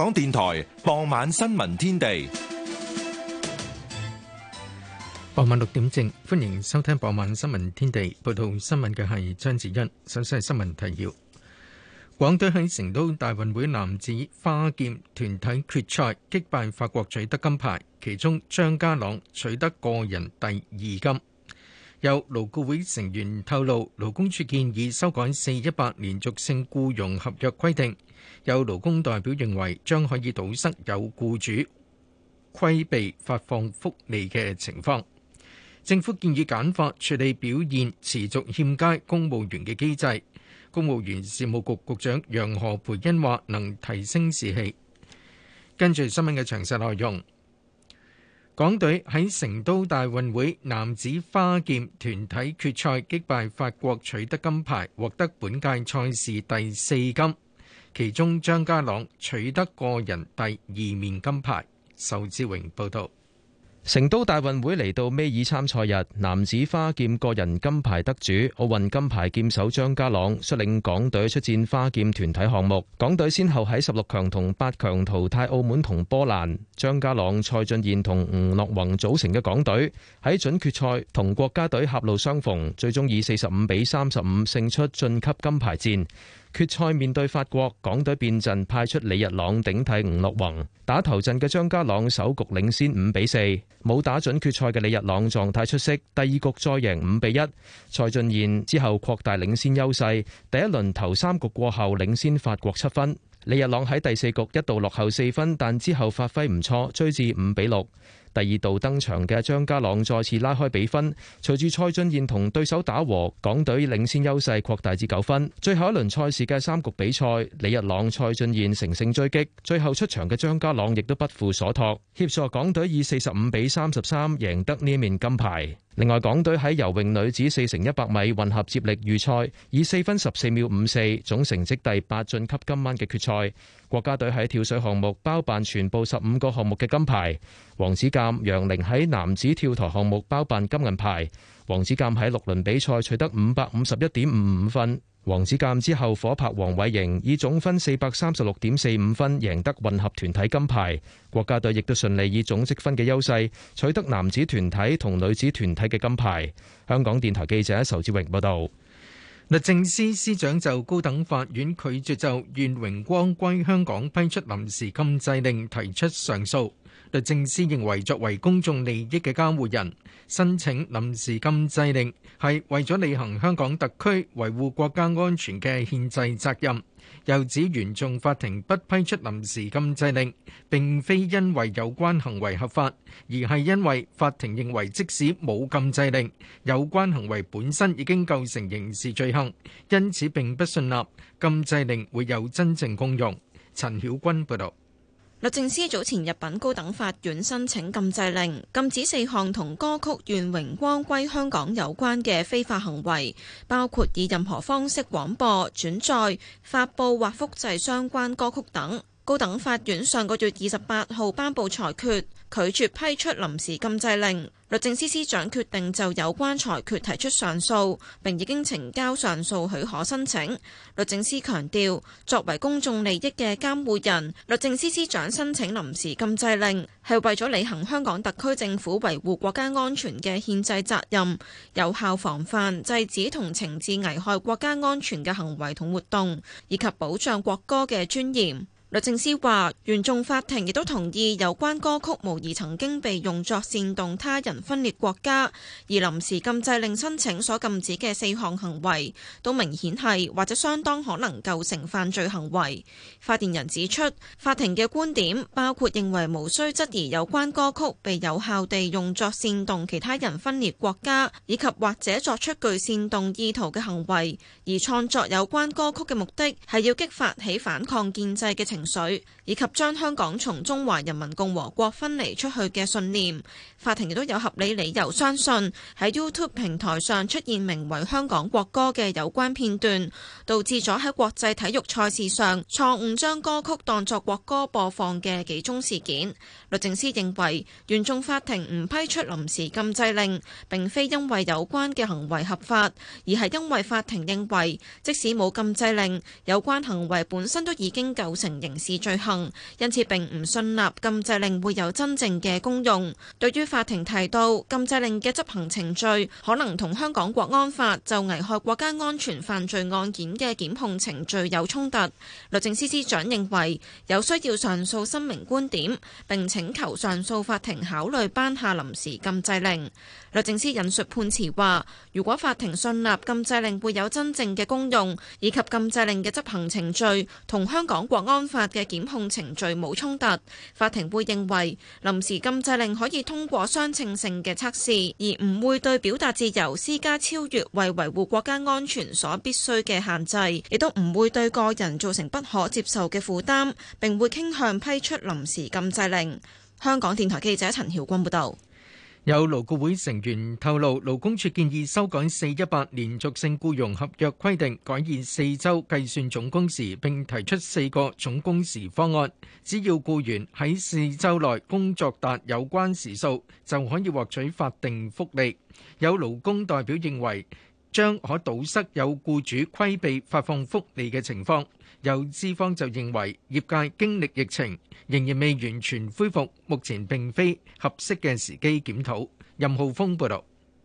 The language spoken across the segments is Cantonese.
港電台傍晚新聞天地，傍晚六點正，歡迎收聽傍晚新聞天地。報道新聞嘅係張子欣。首先係新聞提要：港隊喺成都大運會男子花劍團體決賽擊敗法國，取得金牌，其中張家朗取得個人第二金。有勞顧會成員透露，勞工處建議修改《四一八連續性僱傭合約》規定。有勞工代表認為，將可以堵塞有雇主規避發放福利嘅情況。政府建議簡化處理表現持續欠佳公務員嘅機制。公務員事務局局長楊何蓓茵話，能提升士氣。跟住新聞嘅詳細內容。港隊喺成都大運會男子花劍團體決賽擊敗法國，取得金牌，獲得本屆賽事第四金。其中張家朗取得個人第二面金牌。仇志榮報道。成都大運會嚟到尾二參賽日，男子花劍個人金牌得主、奧運金牌劍手張家朗率領港隊出戰花劍團體項目。港隊先後喺十六強同八強淘汰澳門同波蘭。張家朗、蔡俊彥同吳諾弘組成嘅港隊喺準決賽同國家隊狹路相逢，最終以四十五比三十五勝出晉級金牌戰。決賽面對法國，港隊變陣派出李日朗頂替吳諾弘。打頭陣嘅張家朗首局領先五比四。冇打準決賽嘅李日朗狀態出色，第二局再贏五比一。蔡俊彥之後擴大領先優勢，第一輪頭三局過後領先法國七分。李日朗喺第四局一度落後四分，但之後發揮唔錯，追至五比六。第二度登場嘅張家朗再次拉開比分，隨住蔡俊彥同對手打和，港隊領先優勢擴大至九分。最後一輪賽事嘅三局比賽，李日朗、蔡俊彥乘勝追擊，最後出場嘅張家朗亦都不負所託，協助港隊以四十五比三十三贏得呢一面金牌。另外，港隊喺游泳女子四乘一百米混合接力預賽，以四分十四秒五四總成績第八晉級今晚嘅決賽。國家隊喺跳水項目包辦全部十五個項目嘅金牌，王子鑒、楊玲喺男子跳台項目包辦金銀牌。王子鑒喺六輪比賽取得五百五十一點五五分，王子鑒之後，火拍王偉瑩以總分四百三十六點四五分贏得混合團體金牌。國家隊亦都順利以總積分嘅優勢取得男子團體同女子團體嘅金牌。香港電台記者仇志榮報道。律政司司長就高等法院拒絕就願榮光歸香港批出臨時禁制令提出上訴。律政司認為，作為公眾利益嘅監護人，申請臨時禁制令係為咗履行香港特區維護國家安全嘅憲制責任。又指原訟法庭不批出臨時禁制令，並非因為有關行為合法，而係因為法庭認為即使冇禁制令，有關行為本身已經構成刑事罪行，因此並不信納禁制令會有真正功用。陳曉君報導。律政司早前入稟高等法院申請禁制令，禁止四項同歌曲《願榮光歸香港》有關嘅非法行為，包括以任何方式廣播、轉載、發佈或複製相關歌曲等。高等法院上個月二十八號頒布裁決，拒絕批出臨時禁制令。律政司司長決定就有關裁決提出上訴，並已經呈交上訴許可申請。律政司強調，作為公眾利益嘅監護人，律政司司長申請臨時禁制令，係為咗履行香港特區政府維護國家安全嘅憲制責任，有效防範，制止同懲治危害國家安全嘅行為同活動，以及保障國歌嘅尊嚴。律政司話，原訟法庭亦都同意有關歌曲無疑曾經被用作煽動他人分裂國家，而臨時禁制令申請所禁止嘅四項行為都明顯係或者相當可能構成犯罪行為。發言人指出，法庭嘅觀點包括認為無需質疑有關歌曲被有效地用作煽動其他人分裂國家，以及或者作出具煽動意圖嘅行為，而創作有關歌曲嘅目的係要激發起反抗建制嘅情。情以及將香港從中華人民共和國分離出去嘅信念。法庭亦都有合理理由相信喺 YouTube 平台上出現名為《香港國歌》嘅有關片段，導致咗喺國際體育賽事上錯誤將歌曲當作國歌播放嘅幾宗事件。律政司認為，原訟法庭唔批出臨時禁制令，並非因為有關嘅行為合法，而係因為法庭認為，即使冇禁制令，有關行為本身都已經構成刑事罪行，因此並唔信納禁制令會有真正嘅功用。對於法庭提到禁制令嘅執行程序，可能同香港國安法就危害國家安全犯罪案件嘅檢控程序有衝突。律政司司長認為有需要上訴申明觀點，並請求上訴法庭考慮頒下臨時禁制令。律政司引述判詞話，如果法庭信納禁制令會有真正的功用，以及禁制令的執行程序，同香港國安法的檢控程序冇衝突，法庭會認為，臨時禁制令可以通過相稱性的測試，而唔會對表達自由施加超越為維護國家安全所必須的限制，亦都唔會對個人造成不可接受的負擔，並會傾向批出臨時禁制令。香港電台記者陳曉君報導。有勞僱會成員透露，勞工處建議修改四一八連續性僱傭合約規定，改以四周計算總工時，並提出四個總工時方案，只要僱員喺四周內工作達有關時數，就可以獲取法定福利。有勞工代表認為將可堵塞有僱主規避發放福利嘅情況。有資方就認為業界經歷疫情，仍然未完全恢復，目前並非合適嘅時機檢討，任浩峰報道。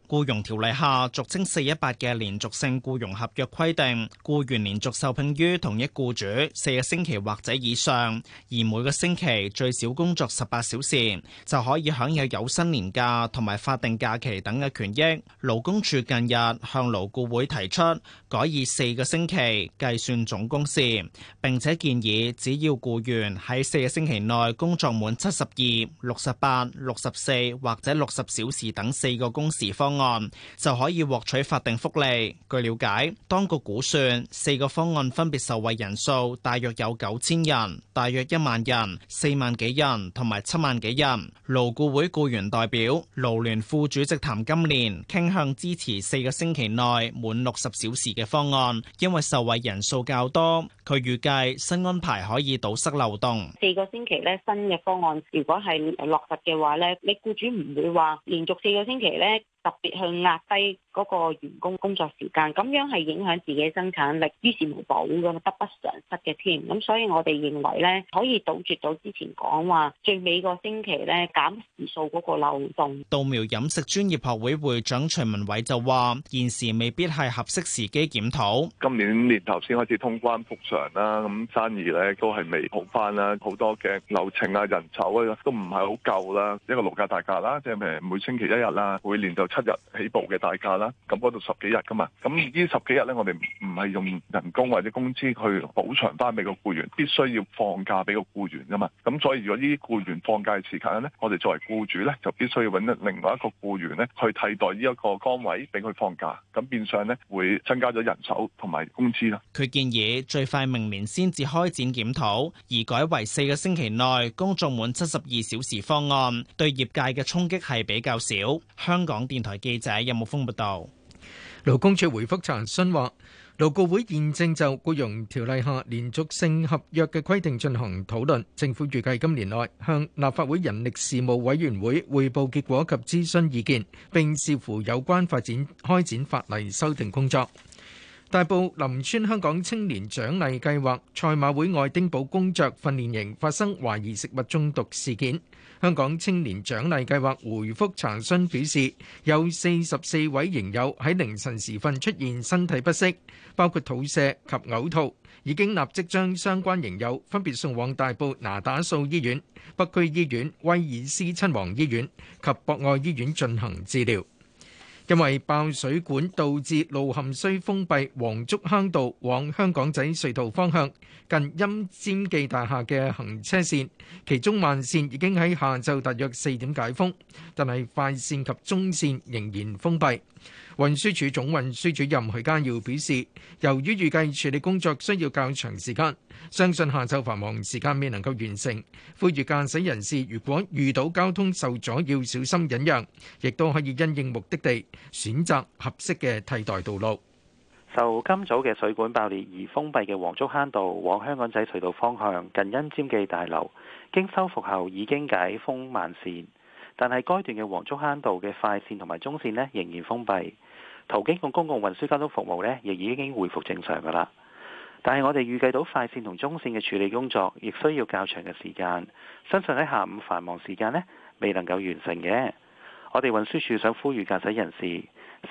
僱傭條例下，俗稱四一八嘅連續性僱傭合約規定，僱員連續受聘於同一雇主四個星期或者以上，而每個星期最少工作十八小時，就可以享有有薪年假同埋法定假期等嘅權益。勞工處近日向勞僱會提出改以四個星期計算總工時，並且建議只要僱員喺四個星期內工作滿七十二、六十八、六十四或者六十小時等四個工時方案就可以獲取法定福利。據了解，當局估算四個方案分別受惠人數大約有九千人、大約一萬人、四萬幾人同埋七萬幾人。勞雇會雇員代表勞聯副主席譚金蓮傾向支持四個星期內滿六十小時嘅方案，因為受惠人數較多。佢預計新安排可以堵塞漏洞。四個星期咧，新嘅方案如果係落實嘅話咧，你雇主唔會話連續四個星期咧。特別去壓低嗰個員工工作時間，咁樣係影響自己生產力，於事無補嘅，得不償失嘅添。咁所以我哋認為咧，可以杜絕到之前講話最尾個星期咧減時數嗰個漏洞。稻苗飲食專業學會會長徐文偉就話：現時未必係合適時機檢討。今年年頭先開始通關復常啦，咁生意咧都係未好翻啦，好多嘅流程啊、人手啊都唔係好夠啦，一個勞假大假啦，即係譬如每星期一日啦、啊，每年就。七日起步嘅大假啦，咁嗰度十幾日噶嘛，咁呢十幾日咧，我哋唔係用人工或者工資去補償翻俾個僱員，必須要放假俾個僱員噶嘛，咁所以如果呢啲僱員放假嘅時間咧，我哋作為僱主咧，就必須要揾另外一個僱員咧去替代呢一個崗位俾佢放假，咁變相咧會增加咗人手同埋工資啦。佢建議最快明年先至開展檢討，而改為四個星期內工作滿七十二小時方案，對業界嘅衝擊係比較少。香港電。台記者任木峰報道，勞工處回覆查詢話，勞僱會現正就僱傭條例下連續性合約嘅規定進行討論，政府預計今年內向立法會人力事務委員會匯報結果及諮詢意見，並視乎有關發展開展法例修訂工作。大埔林村香港青年獎勵計劃賽馬會愛丁堡工作訓練營發生懷疑食物中毒事件，香港青年獎勵計劃回覆查詢表示有44因為爆水管導致路陷需封閉黃竹坑道往香港仔隧道方向近陰尖記大廈嘅行車線，其中慢線已經喺下晝大約四點解封，但係快線及中線仍然封閉。運輸署總運輸主任許嘉耀表示，由於預計處理工作需要較長時間，相信但係，該段嘅黃竹坑道嘅快線同埋中線呢，仍然封閉。途經嘅公共運輸交通服務呢，亦已經回復正常㗎喇。但係，我哋預計到快線同中線嘅處理工作，亦需要較長嘅時間，相信喺下午繁忙時間呢，未能夠完成嘅。我哋運輸署想呼籲駕駛人士，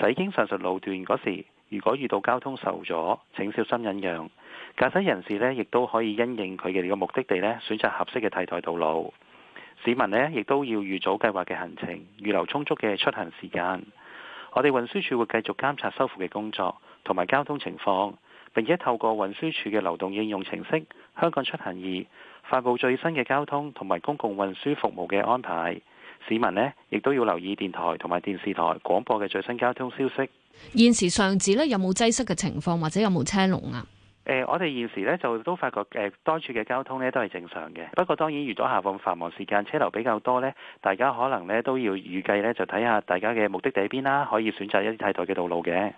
駛經上述路段嗰時，如果遇到交通受阻，請小心忍讓。駕駛人士呢，亦都可以因應佢哋嘅目的地呢，選擇合適嘅替代道路。市民呢亦都要預早計劃嘅行程，預留充足嘅出行時間。我哋運輸署會繼續監察修復嘅工作同埋交通情況，並且透過運輸署嘅流動應用程式《香港出行易》發佈最新嘅交通同埋公共運輸服務嘅安排。市民呢亦都要留意電台同埋電視台廣播嘅最新交通消息。現時上址呢有冇擠塞嘅情況或者有冇車龍啊？誒、呃，我哋現時咧就都發覺誒多、呃、處嘅交通咧都係正常嘅，不過當然遇到下課繁忙時間，車流比較多咧，大家可能咧都要預計咧，就睇下大家嘅目的地喺邊啦，可以選擇一啲替代嘅道路嘅。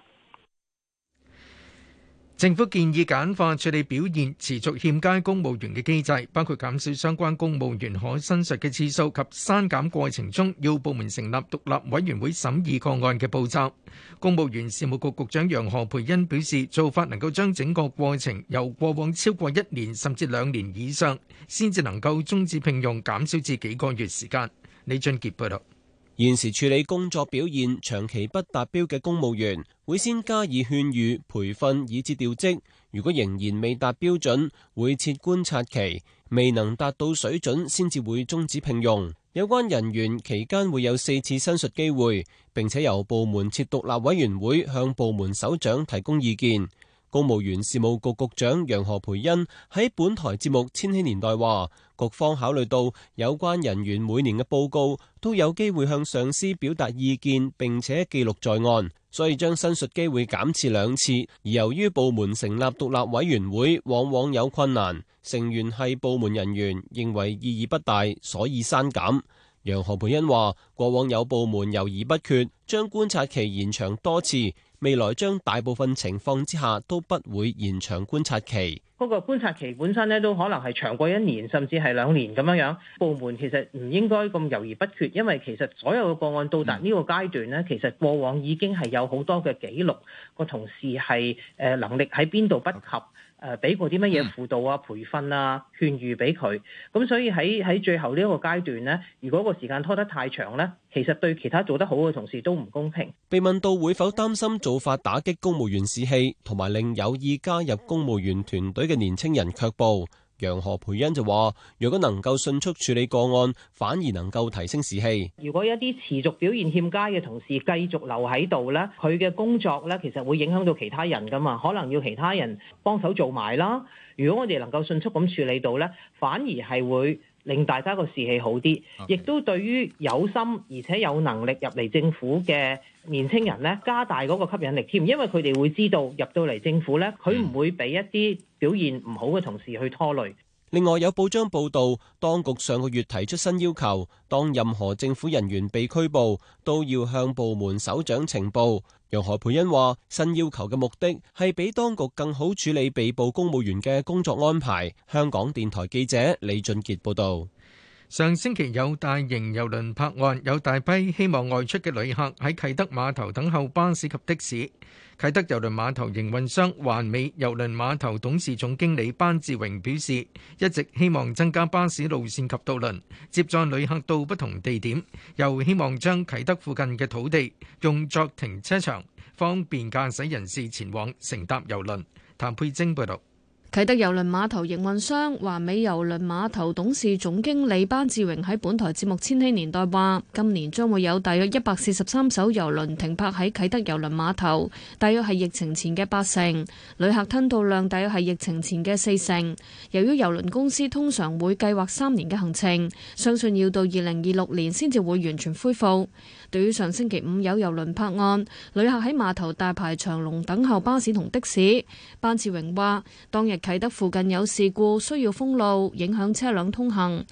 政府建議簡化處理表現持續欠佳公務員的機制，包括減少相關公務員可申述的次數及刪減過程中要部門成立獨立委員會審議個案的步驟。公務員事務局局長楊何培恩表示，做法能夠將整個過程由過往超過一年甚至兩年以上，先至能夠終止聘用，減少至幾個月時間。李俊傑報道。現時處理工作表現長期不達標嘅公務員，會先加以勸喻、培訓，以至調職。如果仍然未達標準，會設觀察期，未能達到水準，先至會終止聘用。有關人員期間會有四次申述機會，並且由部門設獨立委員會向部門首長提供意見。公務員事務局局長楊何培恩喺本台節目《千禧年代》話，局方考慮到有關人員每年嘅報告都有機會向上司表達意見，並且記錄在案，所以將申述機會減次兩次。而由於部門成立獨立委員會，往往有困難，成員係部門人員，認為意義不大，所以刪減。楊何培恩話，過往有部門猶豫不決，將觀察期延長多次。未來將大部分情況之下都不會延長觀察期。嗰個觀察期本身咧都可能係長過一年，甚至係兩年咁樣樣。部門其實唔應該咁猶豫不決，因為其實所有嘅個案到達呢個階段咧，其實過往已經係有好多嘅記錄。個同事係誒能力喺邊度不及？Okay. 誒俾過啲乜嘢輔導啊、培訓啊、勸喻俾佢，咁所以喺喺最後呢一個階段呢，如果個時間拖得太長呢，其實對其他做得好嘅同事都唔公平。被問到會否擔心做法打擊公務員士氣，同埋令有意加入公務員團隊嘅年青人卻步。楊何培恩就話，如果能夠迅速處理個案，反而能夠提升士氣。如果一啲持續表現欠佳嘅同事繼續留喺度咧，佢嘅工作咧其實會影響到其他人噶嘛，可能要其他人幫手做埋啦。如果我哋能夠迅速咁處理到咧，反而係會。令大家個士氣好啲，Okay. 亦都對於有心而且有能力入嚟政府嘅年輕人呢，加大嗰個吸引力添，因為佢哋會知道入到嚟政府呢，佢唔會俾一啲表現唔好嘅同事去拖累。另外有報章報道，當局上個月提出新要求，當任何政府人員被拘捕，都要向部門首長呈報。楊何蓓茵話，新要求嘅目的係俾當局更好處理被捕公務員嘅工作安排。香港電台記者李俊杰報道。上星期有大型郵輪泊岸，有大批希望外出嘅旅客喺啟德碼頭等候巴士及的士。啟德郵輪碼頭營運商環美郵輪碼頭董事總經理班志榮表示，一直希望增加巴士路線及渡輪接載旅客到不同地點，又希望將啟德附近嘅土地用作停車場，方便駕駛人士前往乘搭郵輪，譚佩晶報道。啟德郵輪碼頭營運商，華美郵輪碼頭董事總經理班志榮喺本台節目《千禧年代》話，今年將會有大約一百四十三艘郵輪停泊喺啟德郵輪碼頭，大約係疫情前嘅八成。旅客吞吐量大約係疫情前嘅四成。由於郵輪公司通常會計劃三年嘅行程，相信要到二零二六年先至會完全恢復。對於上星期五有郵輪泊岸，旅客喺碼頭大排長龍等候巴士同的士，班志榮話：當日啟德附近有事故需要封路，影響車輛通行。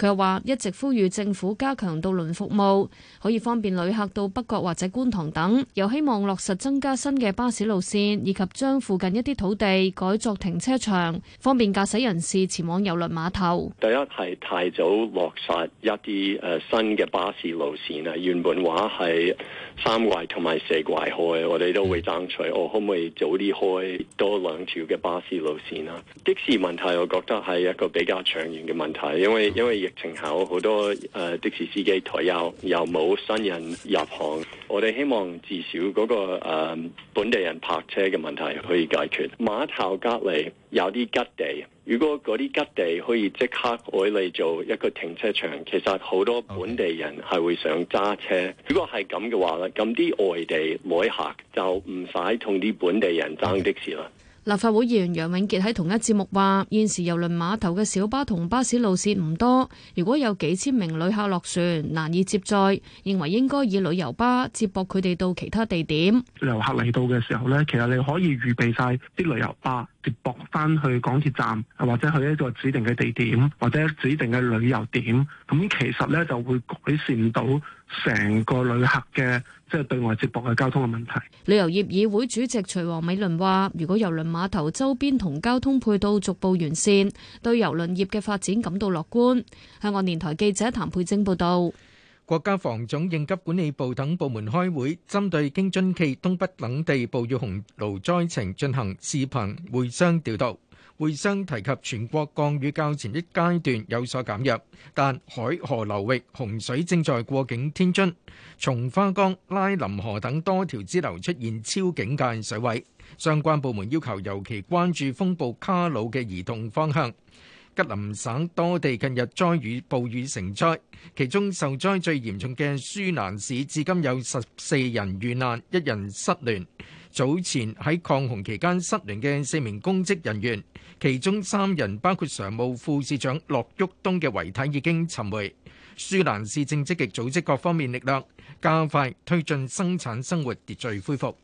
佢話一直呼籲政府加強渡輪服務，可以方便旅客到北角或者觀塘等。又希望落實增加新嘅巴士路線，以及將附近一啲土地改作停車場，方便駕駛人士前往郵輪碼頭。第一係太早落實一啲誒、呃、新嘅巴士路線啊，原本話係三季同埋四季開開，我哋都會爭取我可唔可以早啲開多兩條嘅巴士路線啊。的士問題，我覺得係一個比較長遠嘅問題，因為因為。疫情後好多誒、呃、的士司機退休，又冇新人入行。我哋希望至少嗰、那個、呃、本地人泊車嘅問題可以解決。碼頭隔離有啲吉地，如果嗰啲吉地可以即刻攞嚟做一個停車場，其實好多本地人係會想揸車。如果係咁嘅話啦，咁啲外地旅客就唔使同啲本地人爭的士啦。Okay. 立法會議員楊永傑喺同一節目話：現時郵輪碼頭嘅小巴同巴士路線唔多，如果有幾千名旅客落船，難以接載，認為應該以旅遊巴接駁佢哋到其他地點。旅客嚟到嘅時候呢，其實你可以預備晒啲旅遊巴接駁翻去港鐵站，或者去一個指定嘅地點，或者指定嘅旅遊點。咁其實呢，就會改善到成個旅客嘅。即係對外接駁嘅交通嘅問題。旅遊業議會主席徐王美倫話：如果郵輪碼頭周邊同交通配套逐步完善，對郵輪業嘅發展感到樂觀。香港電台記者譚佩晶報道，國家防總應急管理部等部門開會，針對京津冀東北等地暴雨洪澇災情進行視頻會商調度。會商提及全國降雨較前一階段有所減弱，但海河流域洪水正在過境天津、松花江、拉林河等多條支流出現超警戒水位，相關部門要求尤其關注風暴卡魯嘅移動方向。吉林省多地近日災雨暴雨成災，其中受災最嚴重嘅舒蘭市至今有十四人遇難，一人失聯。早前喺抗洪期間失聯嘅四名公職人員，其中三人包括常務副市長駱旭東嘅遺體已經尋回。舒蘭市正積極組織各方面力量，加快推進生產生活秩序恢復。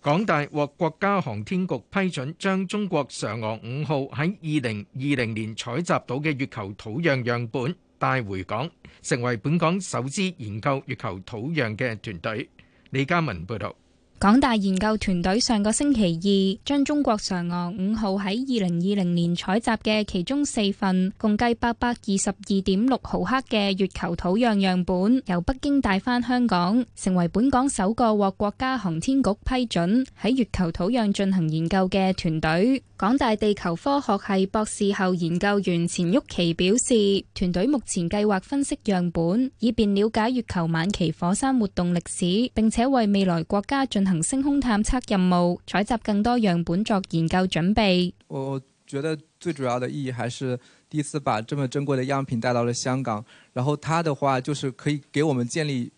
港大獲國家航天局批准，將中國嫦娥五號喺二零二零年採集到嘅月球土壤樣本帶回港，成為本港首支研究月球土壤嘅團隊。李嘉文報導。港大研究團隊上個星期二將中國嫦娥五號喺二零二零年採集嘅其中四份共計八百二十二點六毫克嘅月球土壤樣本由北京帶翻香港，成為本港首個獲國家航天局批准喺月球土壤進行研究嘅團隊。港大地球科學係博士後研究員錢旭琪表示，團隊目前計劃分析樣本，以便了解月球晚期火山活動歷史，並且為未來國家進行星空探測任務採集更多樣本作研究準備。我覺得最主要的意義還是第一次把這麼珍貴的樣品帶到了香港，然後它的話就是可以給我們建立。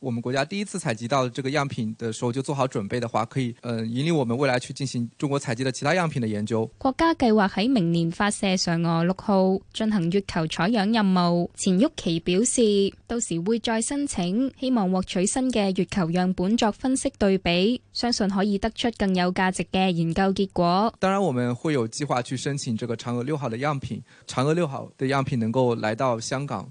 我們國家第一次採集到這個樣品的時候，就做好準備的話，可以呃引領我們未來去進行中國採集的其他樣品的研究。國家計劃喺明年發射嫦娥六號進行月球採樣任務。錢玉琪表示，到時會再申請，希望獲取新嘅月球樣本作分析對比，相信可以得出更有價值嘅研究結果。當然，我們會有計劃去申請這個嫦娥六號的樣品，嫦娥六號的樣品能夠來到香港。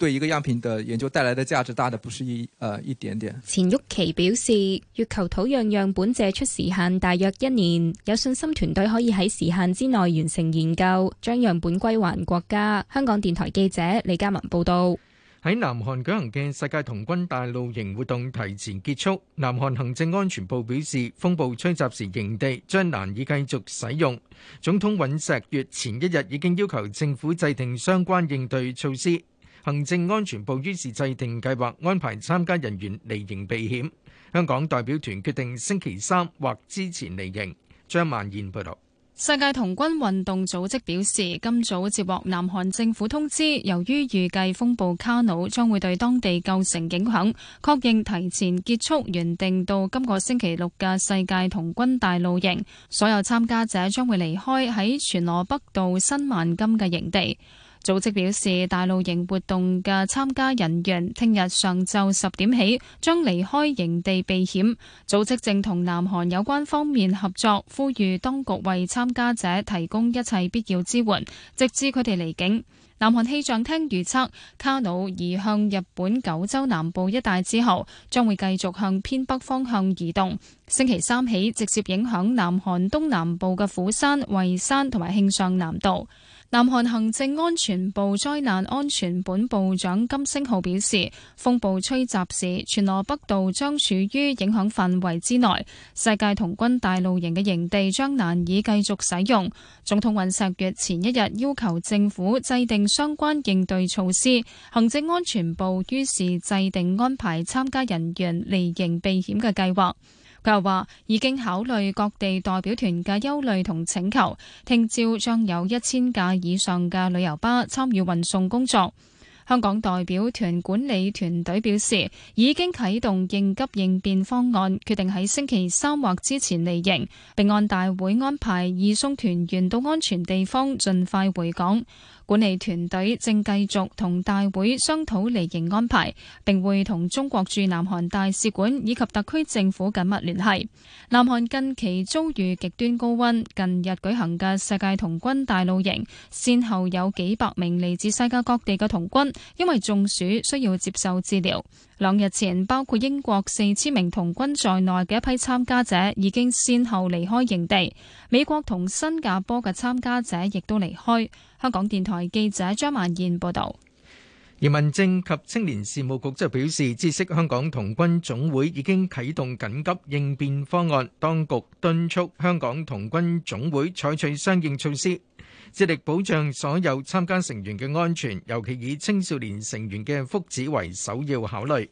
對一個樣品的研究帶來的價值大得不是一，呃，一點點。錢玉琪表示，月球土壤樣本借出時限大約一年，有信心團隊可以喺時限之內完成研究，將樣本歸還國家。香港電台記者李嘉文報道。喺南韓舉行嘅世界童軍大露營活動提前結束。南韓行政安全部表示，風暴吹襲時，營地將難以繼續使用。總統尹錫悅前一日已經要求政府制定相關應對措施。行政安全部於是制定計劃，安排參加人員離營避險。香港代表團決定星期三或之前離營。張萬燕報道。世界童軍運動組織表示，今早接獲南韓政府通知，由於預計風暴卡努將會對當地構成影響，確認提前結束原定到今個星期六嘅世界童軍大露營，所有參加者將會離開喺全羅北道新萬金嘅營地。組織表示，大露營活動嘅參加人員聽日上晝十點起將離開營地避險。組織正同南韓有關方面合作，呼籲當局為參加者提供一切必要支援，直至佢哋離境。南韓氣象廳預測，卡努移向日本九州南部一帶之後，將會繼續向偏北方向移動。星期三起，直接影響南韓東南部嘅釜山、蔚山同埋慶尚南道。南韓行政安全部災難安全本部長金星浩表示，風暴吹襲時，全羅北道將處於影響範圍之內。世界童軍大露營嘅營地將難以繼續使用。總統尹錫悅前一日要求政府制定相關應對措施，行政安全部於是制定安排參加人員離營避險嘅計劃。佢又話已經考慮各地代表團嘅憂慮同請求，聽朝將有一千架以上嘅旅遊巴參與運送工作。香港代表團管理團隊表示，已經啟動應急應變方案，決定喺星期三或之前離營，並按大會安排，移送團員到安全地方，盡快回港。管理團隊正繼續同大會商討離營安排，並會同中國駐南韓大使館以及特區政府緊密聯繫。南韓近期遭遇極端高溫，近日舉行嘅世界童軍大露營，先後有幾百名嚟自世界各地嘅童軍因為中暑需要接受治療。兩日前，包括英國四千名童軍在內嘅一批參加者已經先後離開營地，美國同新加坡嘅參加者亦都離開。香港電台記者張萬燕報道。民政及青年事務局就表示，知悉香港童軍總會已經啟動緊急應變方案，當局敦促香港童軍總會採取相應措施。致力保障所有參加成員嘅安全，尤其以青少年成員嘅福祉為首要考慮。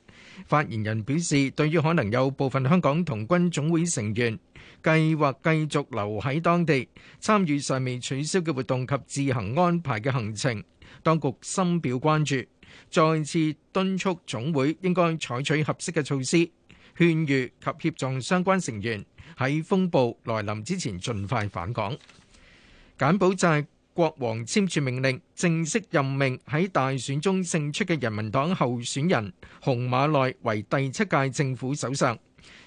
發言人表示，對於可能有部分香港童軍總會成員計劃繼續留喺當地參與尚未取消嘅活動及自行安排嘅行程，當局深表關注，再次敦促總會應該採取合適嘅措施，勸喻及協助相關成員喺風暴來臨之前盡快返港。柬埔寨國王簽署命令，正式任命喺大選中勝出嘅人民黨候選人洪馬內為第七屆政府首相。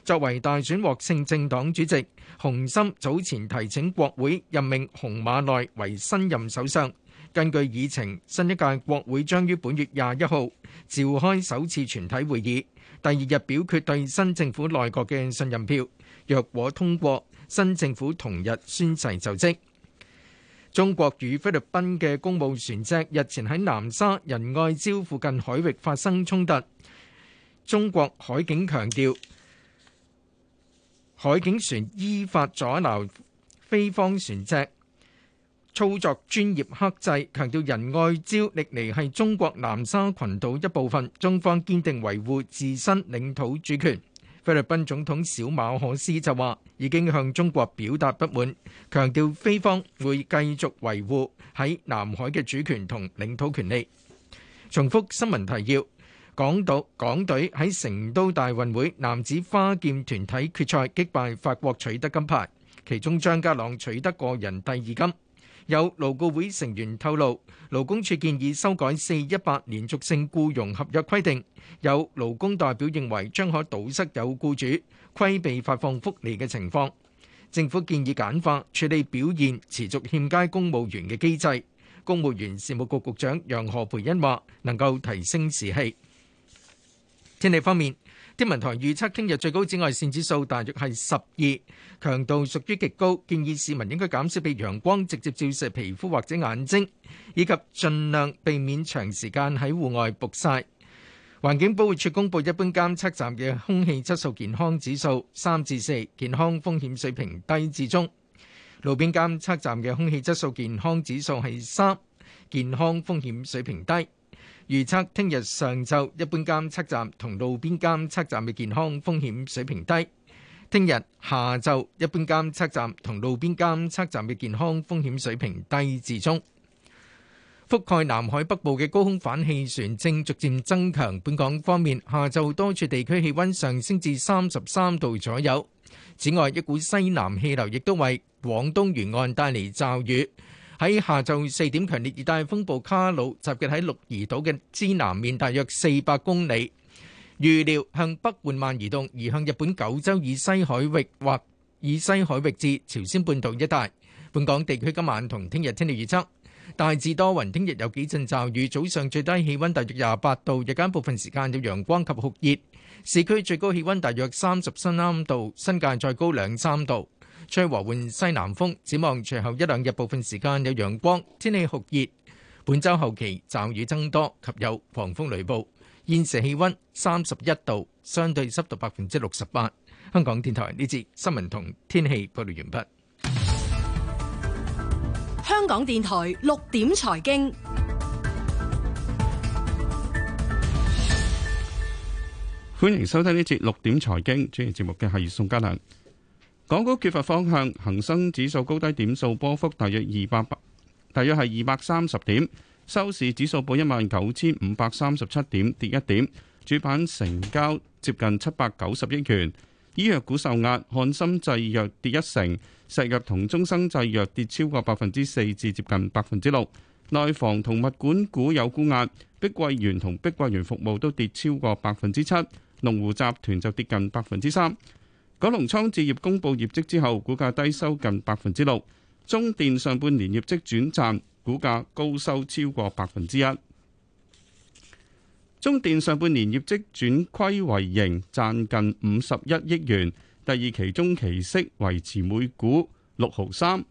作為大選獲勝政黨主席，洪森早前提請國會任命洪馬內為新任首相。根據議程，新一屆國會將於本月廿一號召開首次全體會議，第二日表決對新政府內閣嘅信任票。若果通過，新政府同日宣誓就職。中國與菲律賓嘅公務船隻日前喺南沙仁愛礁附近海域發生衝突。中國海警強調，海警船依法阻撓菲方船隻，操作專業克制，強調仁愛礁歷嚟係中國南沙群島一部分，中方堅定維護自身領土主權。菲律賓總統小馬可斯就話：已經向中國表達不滿，強調菲方會繼續維護喺南海嘅主權同領土權利。重複新聞提要：港島港隊喺成都大運會男子花劍團體決賽擊敗法國取得金牌，其中張家朗取得個人第二金。有勞顧會成員透露，勞工處建議修改《四一八連續性僱傭合約》規定。有勞工代表認為，將可堵塞有僱主規避發放福利嘅情況。政府建議簡化處理表現持續欠佳公務員嘅機制。公務員事務局局長楊何蓓茵話：能夠提升士氣。天氣方面。天文台預測聽日最高紫外線指數大約係十二，強度屬於極高，建議市民應該減少被陽光直接照射皮膚或者眼睛，以及盡量避免長時間喺戶外曝曬。環境保護署公布一般監測站嘅空氣質素健康指數三至四，4，健康風險水平低至中；路邊監測站嘅空氣質素健康指數係三，健康風險水平低。預測聽日上晝一般監測站同路邊監測站嘅健康風險水平低。聽日下晝一般監測站同路邊監測站嘅健康風險水平低至中。覆蓋南海北部嘅高空反氣旋正逐漸增強。本港方面，下晝多處地區氣温上升至三十三度左右。此外，一股西南氣流亦都為廣東沿岸帶嚟驟雨。喺下晝四點，強烈熱帶風暴卡努集結喺鹿兒島嘅支南面，大約四百公里，預料向北緩慢移動，移向日本九州以西海域或以西海域至朝鮮半島一帶。本港地區今晚同聽日天氣預測，大致多雲，聽日有幾陣驟雨，早上最低氣温大約廿八度，日間部分時間有陽光及酷熱，市區最高氣温大約三十四五度，新界再高兩三度。吹和緩西南風，展望隨後一兩日部分時間有陽光，天氣酷熱。本周後期驟雨增多及有狂風雷暴。現時氣温三十一度，相對濕度百分之六十八。香港電台呢節新聞同天氣報道完畢。香港電台六點財經，歡迎收聽呢節六點財經主持節目嘅係宋嘉良。港股缺乏方向，恒生指數高低點數波幅大約二百，大約係二百三十點。收市指數報一萬九千五百三十七點，跌一點。主板成交接近七百九十億元。醫藥股受壓，漢森製藥跌一成，石藥同中生製藥跌超過百分之四至接近百分之六。內房同物管股有沽壓，碧桂園同碧桂園服務都跌超過百分之七，龍湖集團就跌近百分之三。九龍倉置業公布業績之後，股價低收近百分之六。中電上半年業績轉賺，股價高收超過百分之一。中電上半年業績轉虧為盈，賺近五十一億元。第二期中期息維持每股六毫三。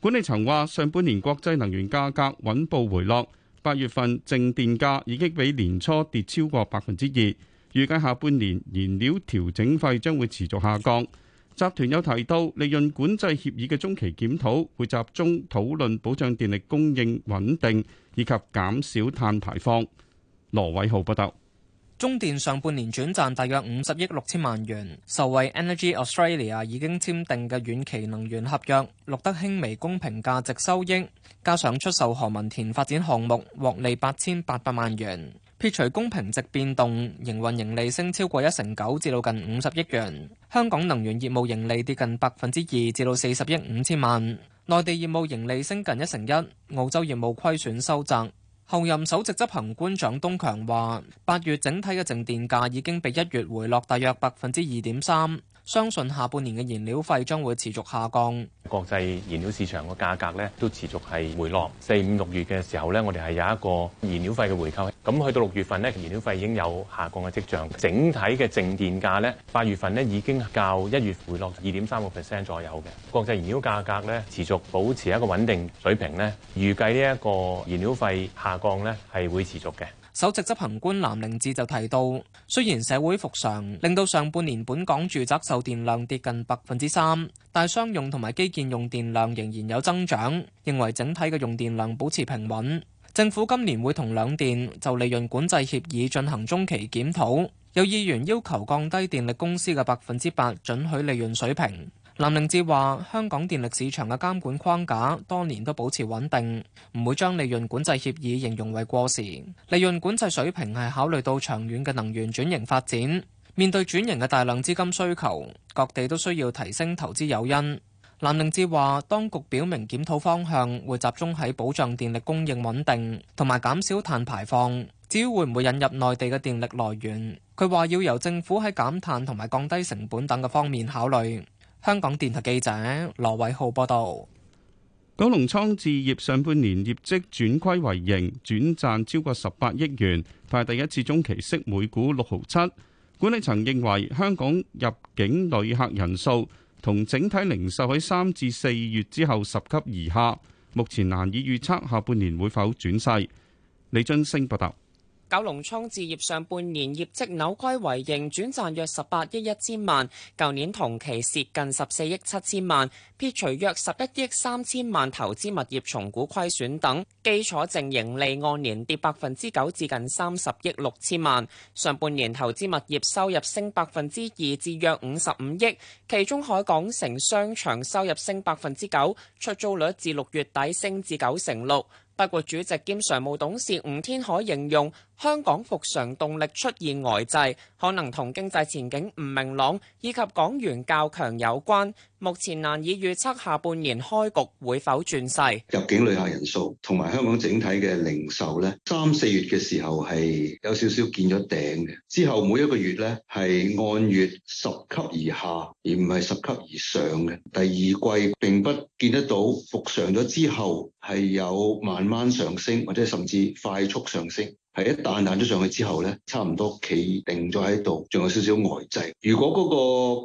管理層話，上半年國際能源價格穩步回落，八月份淨電價已經比年初跌超過百分之二。預計下半年燃料調整費將會持續下降。集團有提到，利潤管制協議嘅中期檢討會集中討論保障電力供應穩定以及減少碳排放。羅偉浩報道，中電上半年轉賺大約五十億六千萬元，受惠 Energy Australia 已經簽訂嘅遠期能源合約，錄得輕微公平價值收益，加上出售何文田發展項目獲利八千八百萬元。撇除公平值變動，營運盈利升超過一成九，至到近五十億元。香港能源業務盈利跌近百分之二，至到四十億五千萬，內地業務盈利升近一成一，澳洲業務虧損收窄。候任首席執行官蔣東強話八月整體嘅淨電價已經比一月回落大約百分之二點三。相信下半年嘅燃料費將會持續下降。國際燃料市場個價格咧，都持續係回落。四五六月嘅時候咧，我哋係有一個燃料費嘅回購。咁去到六月份咧，燃料費已經有下降嘅跡象。整體嘅淨電價咧，八月份咧已經較一月回落二點三個 percent 左右嘅。國際燃料價格咧持續保持一個穩定水平咧，預計呢一個燃料費下降咧係會持續嘅。首席執行官藍凌志就提到，雖然社會復常令到上半年本港住宅售電量跌近百分之三，但商用同埋基建用電量仍然有增長，認為整體嘅用電量保持平穩。政府今年會同兩電就利潤管制協議進行中期檢討，有議員要求降低電力公司嘅百分之八準許利潤水平。林明志話：香港電力市場嘅監管框架多年都保持穩定，唔會將利潤管制協議形容為過時。利潤管制水平係考慮到長遠嘅能源轉型發展。面對轉型嘅大量資金需求，各地都需要提升投資誘因。林明志話，當局表明檢討方向會集中喺保障電力供應穩定同埋減少碳排放。至於會唔會引入內地嘅電力來源，佢話要由政府喺減碳同埋降低成本等嘅方面考慮。香港電台記者羅偉浩報道，九龍倉置業上半年業績轉虧為盈，轉賺超過十八億元，派第一次中期息每股六毫七。管理層認為香港入境旅客人數同整體零售喺三至四月之後十級而下，目前難以預測下半年會否轉勢，李津升報道。九龍倉置業上半年業績扭虧為盈，轉賺約十八億一千萬，舊年同期蝕近十四億七千萬，撇除約十一億三千萬投資物業重估虧損等，基礎淨盈利按年跌百分之九至近三十億六千萬。上半年投資物業收入升百分之二至約五十五億，其中海港城商場收入升百分之九，出租率至六月底升至九成六。不過主席兼常務董事吳天海形容，香港復常動力出現呆滯，可能同經濟前景唔明朗以及港元較強有關。目前難以預測下半年開局會否轉勢。入境旅客人數同埋香港整體嘅零售咧，三四月嘅時候係有少少見咗頂嘅，之後每一個月咧係按月十級而下，而唔係十級而上嘅。第二季並不見得到復常咗之後係有慢慢上升或者甚至快速上升。一彈彈咗上去之後呢，差唔多企定咗喺度，仲有少少呆滯。如果嗰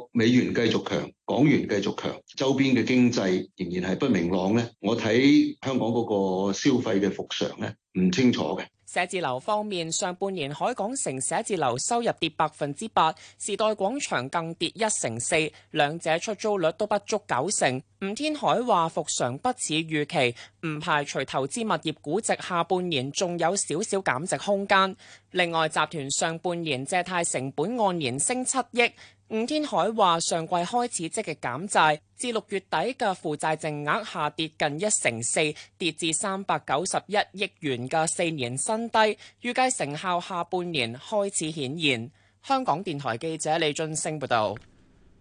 個美元繼續強，港元繼續強，周邊嘅經濟仍然係不明朗咧，我睇香港嗰個消費嘅復常咧。唔清楚嘅。寫字樓方面，上半年海港城寫字樓收入跌百分之八，時代廣場更跌一成四，兩者出租率都不足九成。吳天海話，復常不似預期，唔排除投資物業估值下半年仲有少少減值空間。另外，集團上半年借貸成本按年升七億。吳天海話，上季開始積極減債，至六月底嘅負債淨額下跌近一成四，跌至三百九十一億元嘅四年新低，預計成效下半年開始顯現。香港電台記者李俊星報道。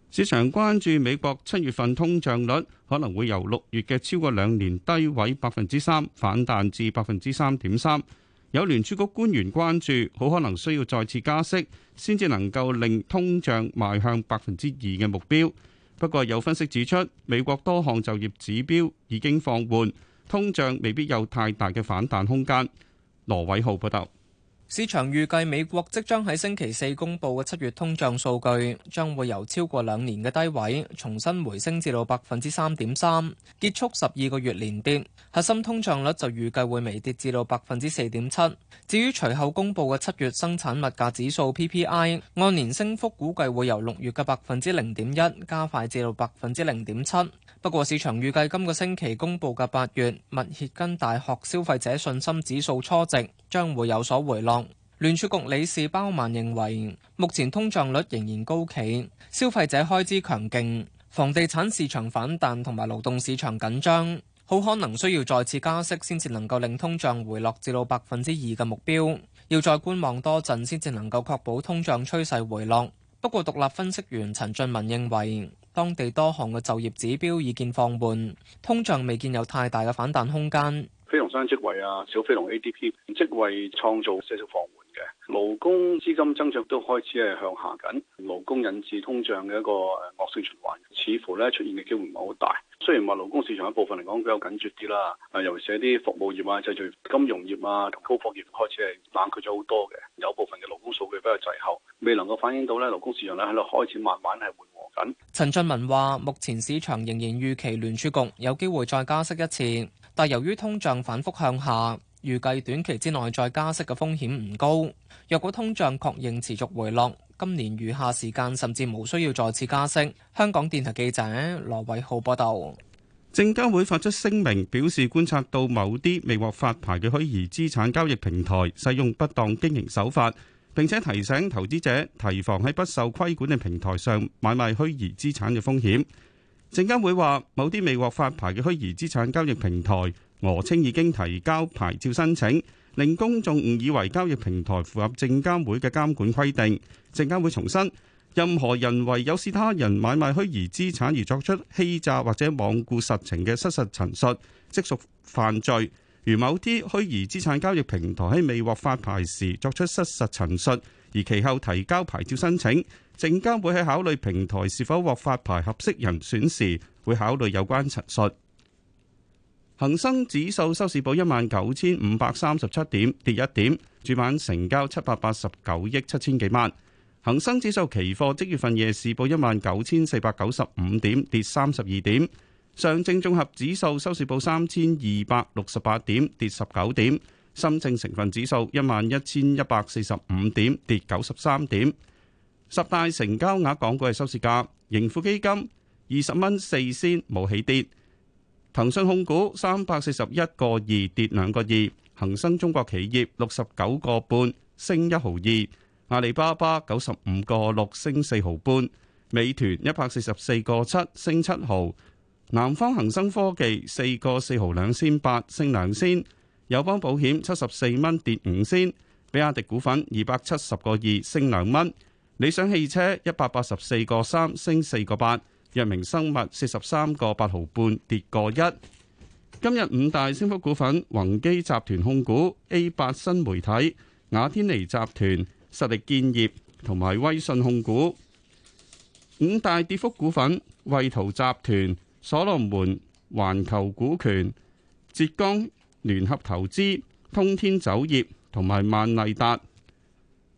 市場關注美國七月份通脹率可能會由六月嘅超過兩年低位百分之三反彈至百分之三點三。有聯儲局官員關注，好可能需要再次加息，先至能夠令通脹邁向百分之二嘅目標。不過，有分析指出，美國多項就業指標已經放緩，通脹未必有太大嘅反彈空間。羅偉浩報道。市場預計美國即將喺星期四公布嘅七月通脹數據，將會由超過兩年嘅低位重新回升至到百分之三點三，結束十二個月連跌。核心通脹率就預計會微跌至到百分之四點七。至於隨後公布嘅七月生產物價指數 PPI，按年升幅估計會由六月嘅百分之零點一加快至到百分之零點七。不過，市場預計今個星期公布嘅八月密歇根大學消費者信心指數初值將會有所回落。聯儲局理事包曼認為，目前通脹率仍然高企，消費者開支強勁，房地產市場反彈同埋勞動市場緊張，好可能需要再次加息，先至能夠令通脹回落至到百分之二嘅目標。要再觀望多陣，先至能夠確保通脹趨勢回落。不過，獨立分析員陳俊文認為，當地多項嘅就業指標已見放緩，通脹未見有太大嘅反彈空間。增職位啊，小飛龍 ADP 職位創造些少放緩嘅勞工資金增長都開始係向下緊，勞工引致通脹嘅一個惡性循環，似乎咧出現嘅機會唔係好大。 雖然話勞工市場一部分嚟講比較緊缺啲啦，啊，尤其是啲服務業啊，製造業、金融業啊、高科技業開始係冷卻咗好多嘅，有部分嘅勞工數據比較滯後，未能夠反映到咧勞工市場咧喺度開始慢慢係緩和緊。陳俊文話：目前市場仍然預期聯儲局有機會再加息一次，但由於通脹反覆向下，預計短期之內再加息嘅風險唔高。若果通脹確認持續回落，今年餘下時間甚至無需要再次加息。香港電台記者羅偉浩報道，證監會發出聲明，表示觀察到某啲未獲發牌嘅虛擬資產交易平台使用不當經營手法，並且提醒投資者提防喺不受規管嘅平台上買賣虛擬資產嘅風險，證監會話某啲未獲發牌嘅虛擬資產交易平台。訛稱已經提交牌照申請，令公眾誤以為交易平台符合證監會嘅監管規定。證監會重申，任何人為誘使他人買賣虛擬資產而作出欺詐或者罔顧實情嘅失實陳述，即屬犯罪。如某啲虛擬資產交易平台喺未獲發牌時作出失實陳述，而其後提交牌照申請，證監會喺考慮平台是否獲發牌合適人選時，會考慮有關陳述。恒生指數收市報一萬九千五百三十七點，跌一點。主板成交七百八十九億七千幾萬。恒生指數期貨即月份夜市報一萬九千四百九十五點，跌三十二點。上證綜合指數收市報三千二百六十八點，跌十九點。深證成分指數一萬一千一百四十五點，跌九十三點。十大成交額港股嘅收市價，盈富基金二十蚊四仙，冇起跌。騰訊控股三百四十一個二跌兩個二，恒生中國企業六十九個半升一毫二，阿里巴巴九十五個六升四毫半，美團一百四十四個七升七毫，南方恒生科技四個四毫兩仙八升兩仙，友邦保險七十四蚊跌五仙，比亞迪股份二百七十個二升兩蚊，理想汽車一百八十四個三升四個八。一明生物四十三個八毫半，跌個一。今日五大升幅股份：宏基集團控股、A 八新媒體、雅天尼集團、實力建業同埋威信控股。五大跌幅股份：惠圖集團、所羅門、環球股權、浙江聯合投資、通天酒業同埋萬麗達。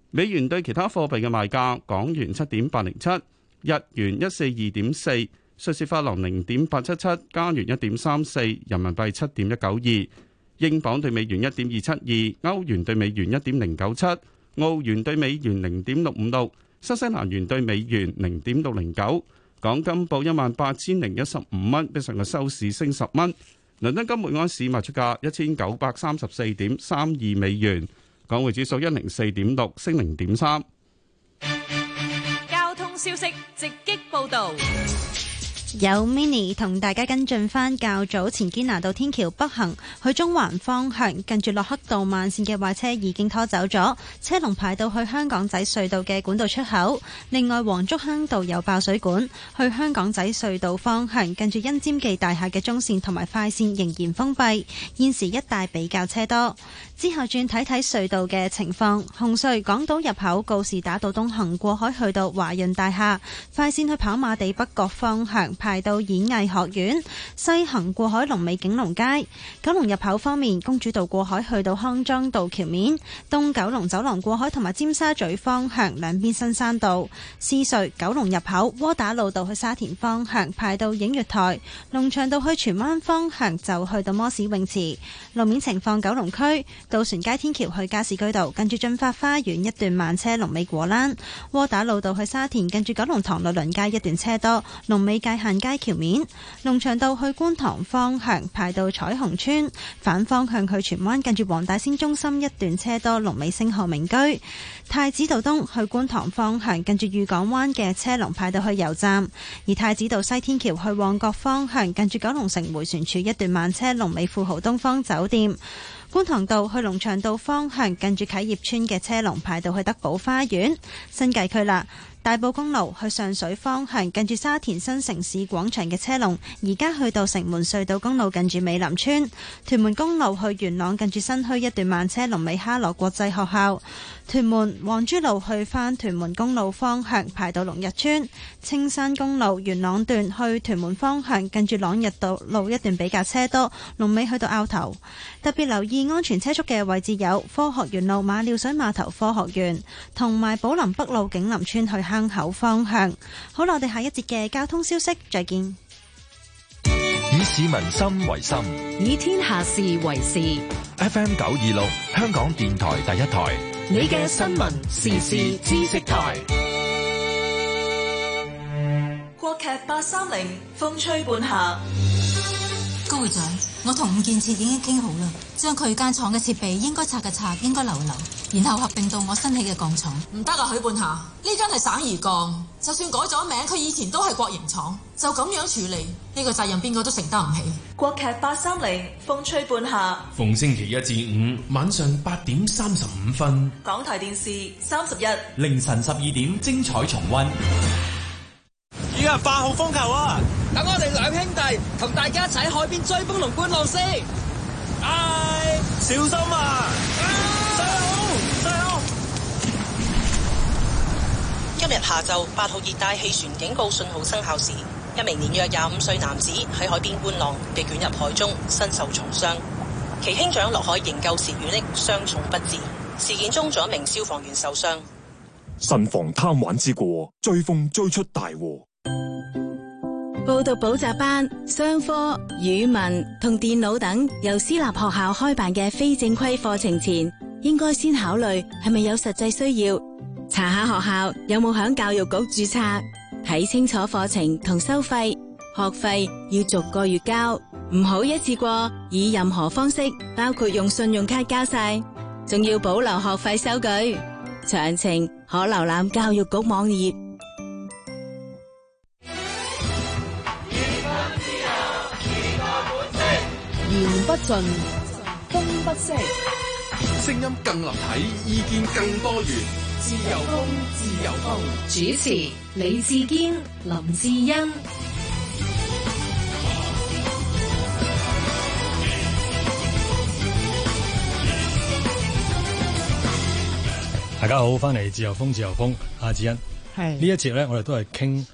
美元對其他貨幣嘅賣價：港元七點八零七。日元一四二點四，瑞士法郎零點八七七，加元一點三四，人民幣七點一九二，英鎊兌美元一點二七二，歐元兌美元一點零九七，澳元兌美元零點六五六，新西蘭元兌美元零點六零九。港金報一萬八千零一十五蚊，比上日收市升十蚊。倫敦金每盎司賣出價一千九百三十四點三二美元，港匯指數一零四點六，升零點三。消息直擊報道，有 mini 同大家跟進返較早前堅拿道天橋北行去中環方向，近住洛克道慢線嘅壞車已經拖走咗，車龍排到去香港仔隧道嘅管道出口。另外，黃竹坑道有爆水管，去香港仔隧道方向近住恩尖記大廈嘅中線同埋快線仍然封閉，現時一帶比較車多。之後轉睇睇隧道嘅情況。紅隧港島入口告士打道東行過海去到華潤大廈，快線去跑馬地北角方向排到演藝學院；西行過海龍尾景隆街。九龍入口方面，公主道過海去到康莊道橋面，東九龍走廊過海同埋尖沙咀方向兩邊新山道。獅隧九龍入口窩打老道去沙田方向排到映月台，龍翔道去荃灣方向就去到摩士泳池。路面情況，九龍區。渡船街天橋去加士居道，近住駿發花園一段慢車龍；龍尾果欄窩打老道去沙田，近住九龍塘樂鄰街一段車多；龍尾界限街橋面龍翔道去觀塘方向排到彩虹村，反方向去荃灣，近住黃大仙中心一段車多；龍尾星河名居太子道東去觀塘方向，近住御港灣嘅車龍排到去油站；而太子道西天橋去旺角方向，近住九龍城回旋處一段慢車；龍尾富豪東方酒店。觀塘道去龍翔道方向，近住啟業村嘅車龍排到去德寶花園。新界區啦。大埔公路去上水方向，近住沙田新城市廣場嘅車龍，而家去到城門隧道公路近住美林村。屯門公路去元朗，近住新墟一段慢車，龍尾哈羅國際學校。屯門皇珠路去返屯門公路方向，排到龍日村；青山公路元朗段去屯門方向，近住朗日道路一段比較車多，龍尾去到坳頭。特別留意安全車速嘅位置有科學園路馬料水碼頭科學園，同埋寶林北路景林村去坑口方向。好啦，我哋下一節嘅交通消息再見。以市民心為心，以天下事為事。FM 九二六，香港電台第一台。你嘅新聞時事知識台，國劇八三零，風吹半夏。高會長，我同吳建設已經傾好啦，將佢間廠嘅設備應該拆嘅拆，應該留留，然後合併到我新起嘅鋼廠。唔得啊，許半夏，呢間係省二鋼，就算改咗名，佢以前都係國營廠，就咁樣處理，呢個責任邊個都承擔唔起。國劇八三零，風吹半夏，逢星期一至五晚上八點三十五分，港台電視三十一，凌晨十二點，精彩重溫。依家八號風球啊！等我哋兩兄弟同大家一齊海邊追風龍觀浪先。唉，小心啊！大佬！啊，大佬。今日下晝八號熱帶氣旋警告信號生效時，一名年約廿五歲男子喺海邊觀浪，被捲入海中，身受重傷。其兄長落海營救時遇溺，亦傷重不治。事件中，仲有一名消防員受傷。慎防貪玩之過，追風追出大禍。報讀補習班、商科、語文同電腦等由私立學校開辦嘅非正規課程前，應該先考慮係咪有實際需要，查下學校有冇響教育局註冊，睇清楚課程同收費。學費要逐個月交，唔好一次過，以任何方式，包括用信用卡交晒，仲要保留學費收據。詳情可瀏覽教育局網頁。言不盡，風不息，聲音更立體，意見更多元，自由風，自由風。主持：李志堅、林志恩。大家好，翻嚟自由風，自由風，阿子欣，係的呢一節咧，我哋都係傾。